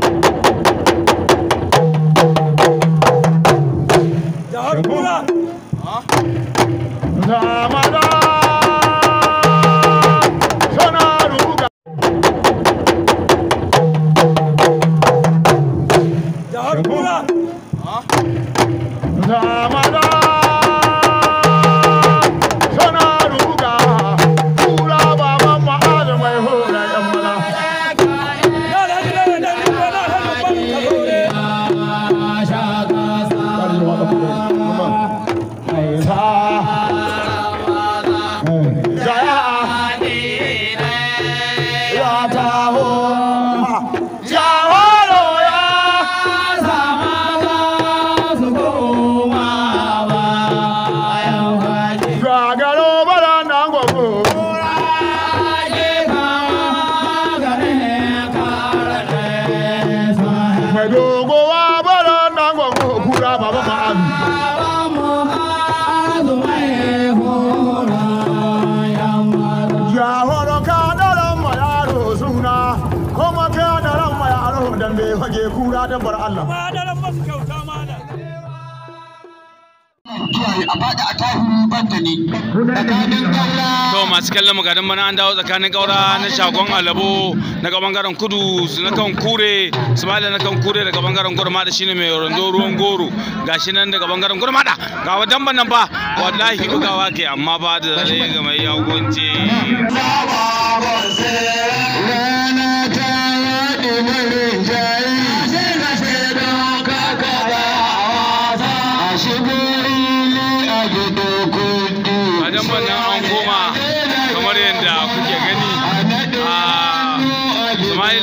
Thank you a faɗi a tahu ban da ni tsakanin ƙaura to masu kallon magadan bana an dawo tsakanin Gaura na shagon alabo na bangaren kudu su na kan kure su na kan kure daga bangaren gurmada shine mai rondo ruwan goro gashi nan daga bangaren da, ga wadan ban nan ba wallahi bugawa ke amma ba da zai ga mai yagunci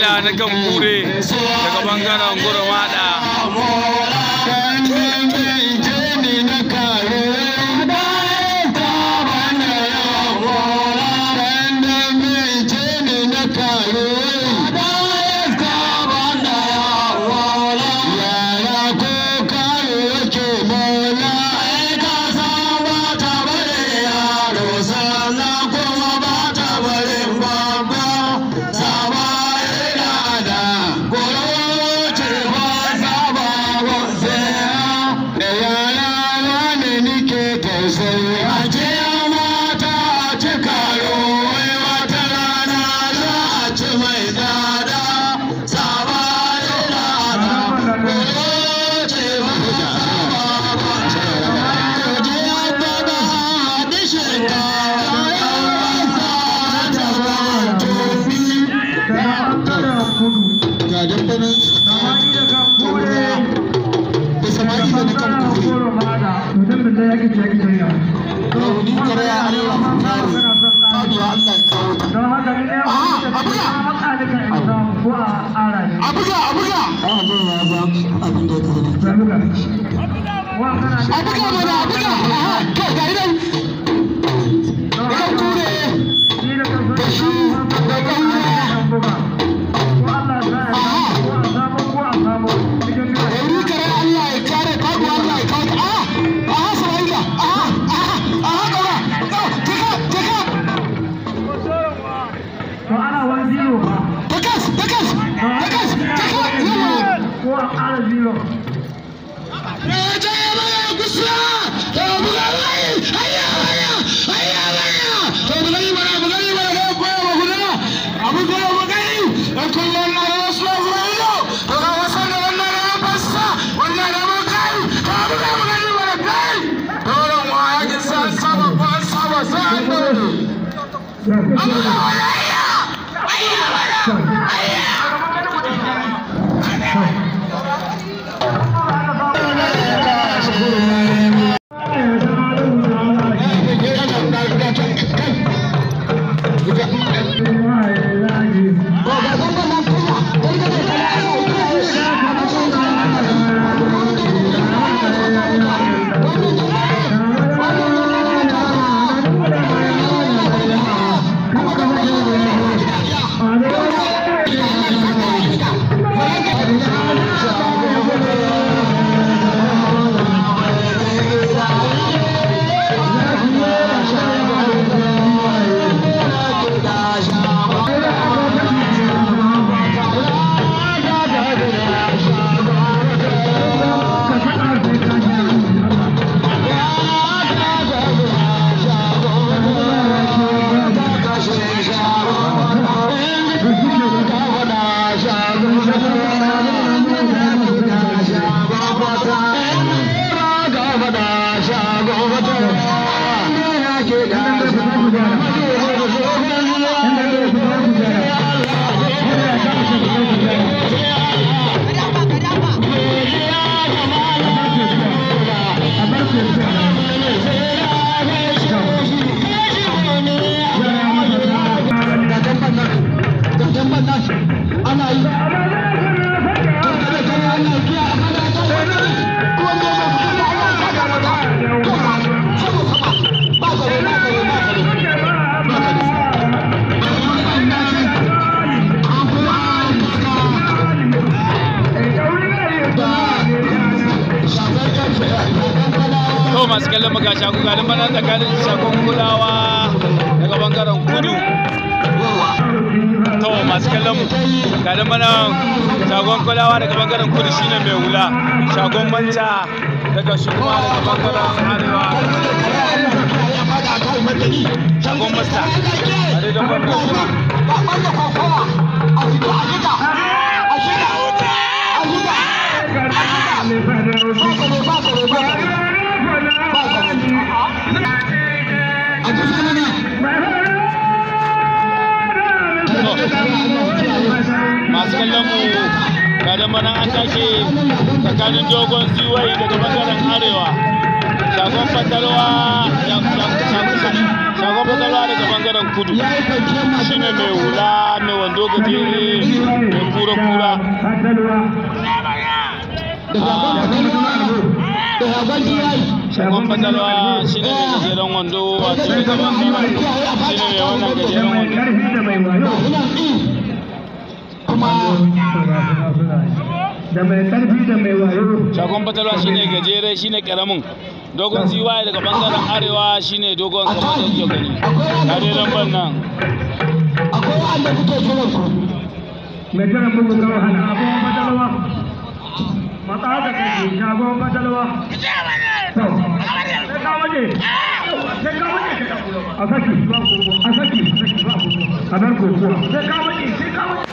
Allah na kan kure daga bangaren gurin wada. da mana buga to ga idan nói ờ. là masu kallon magashi a gugalin bana tsakanin shakon kulawa daga bangaren kudu masu mu ga da mana shagon kulawa daga bangaren kudu shine mai wula shagon manta daga shi kuma daga bangaren arewa shagon masta a da bangaren kallon mu ga an tashi tsakanin dogon ziwai daga bangaren arewa shagon shagon daga bangaren kudu shine mai hula mai wando gajere mai kura-kura shagon fatalwa shi ne mai gajeren wando wato shi ne mai wannan gajeren wando da mai karfi da mai shagon fatalwa shine gajere shine karamin dogon siwa daga bangaren arewa shine dogon kamar da kuke gani dai nan akwai wanda kuke ku mai hana da kai a saki a saki a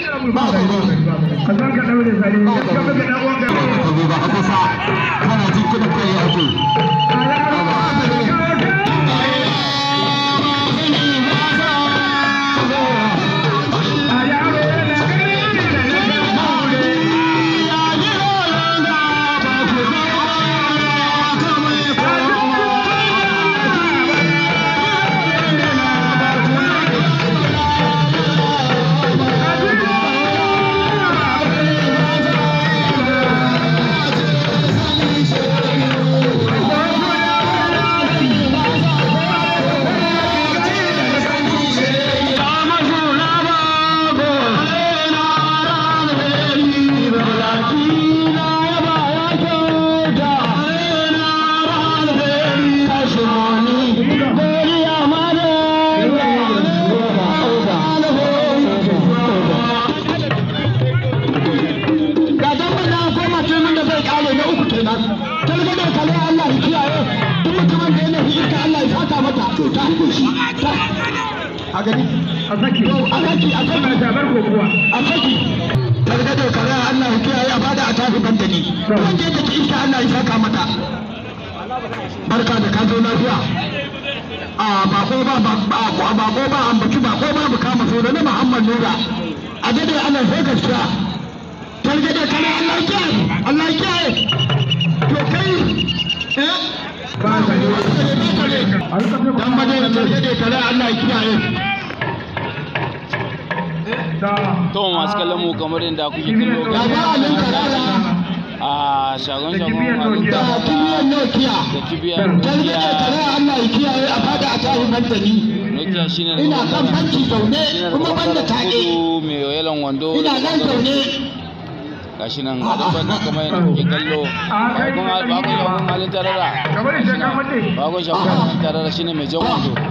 a zan ka daure ba kana jin kai a saki a kan tabar kokuwa a saki targadar kare Allah kiyaye a fada a tafi bandani wanda yake ki iska Allah ya saka mata barka da ka zo lafiya a bako ba bako ba ambaci bako ba bu kama so da na Muhammad Nura a dade Allah sai gaskiya targadar kare Allah kiyaye Allah kiyaye to kai eh ba ka ne ba ka ne dan ba da targadar kare Allah kiyaye to masu kallon mu kamar yadda kuke kallo ga a shagon shagon malinta da kibiyar nokia da kibiyar nokia da kibiyar kiyaye a fada a tarihin martani nokia shine ina kan banki zaune kuma da tage mai yalan wando ina nan zaune gashi nan a dabbar nan kamar yadda kuke kallo bakon shagon malinta rara bakon shagon malinta rara shine mai jan wando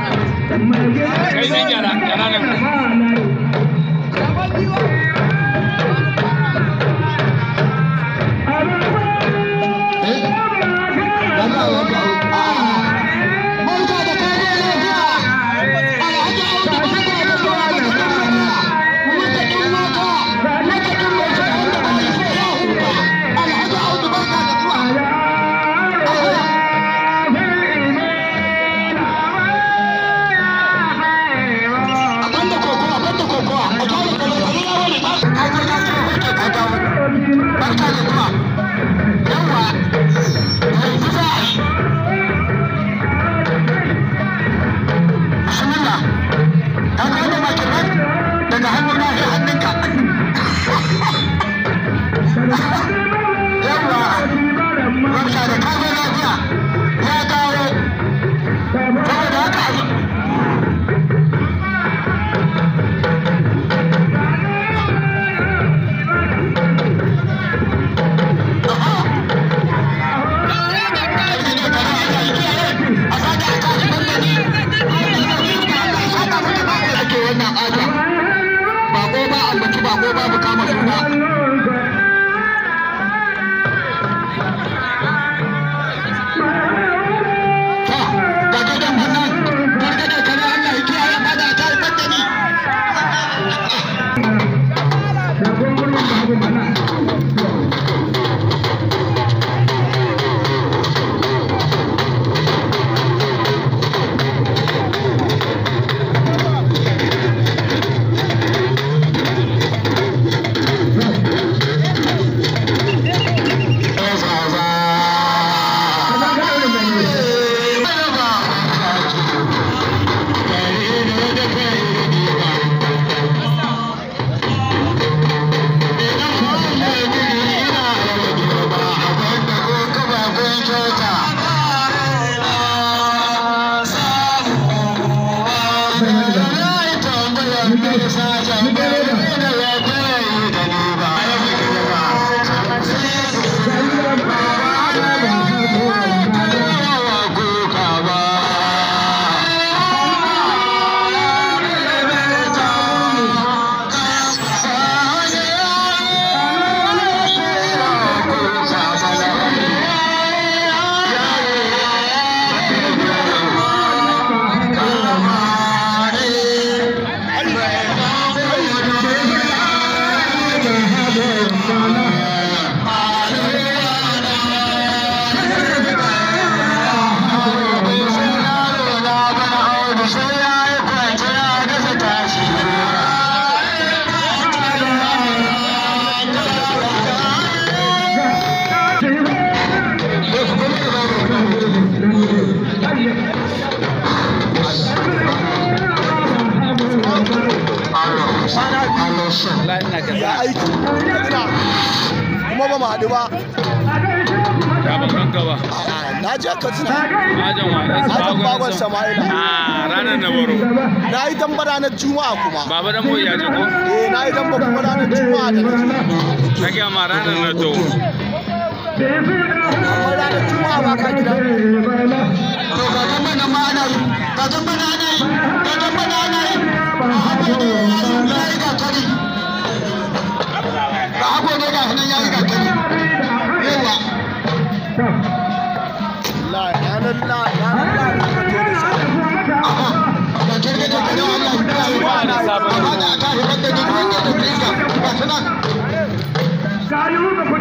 Kai gyara, gyara nan. na je katsina ajin bagon sama'ila a ah, ranar na baro na yi damba ranar juma'a kuma baba dan boye ya je ko eh na yi damba kuma ranar juma'a da na ke ma ranar na to amma ranar juma'a ba ka gida to ga damba na ma'ana ga damba na ne, yi ga damba na ana yi ya yi gatari ba abu ne ga hannun ya yi gatari yawa Allah ya Allah da shi da kada Allah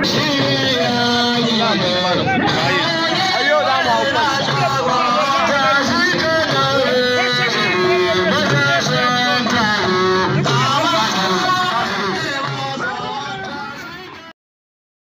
da da da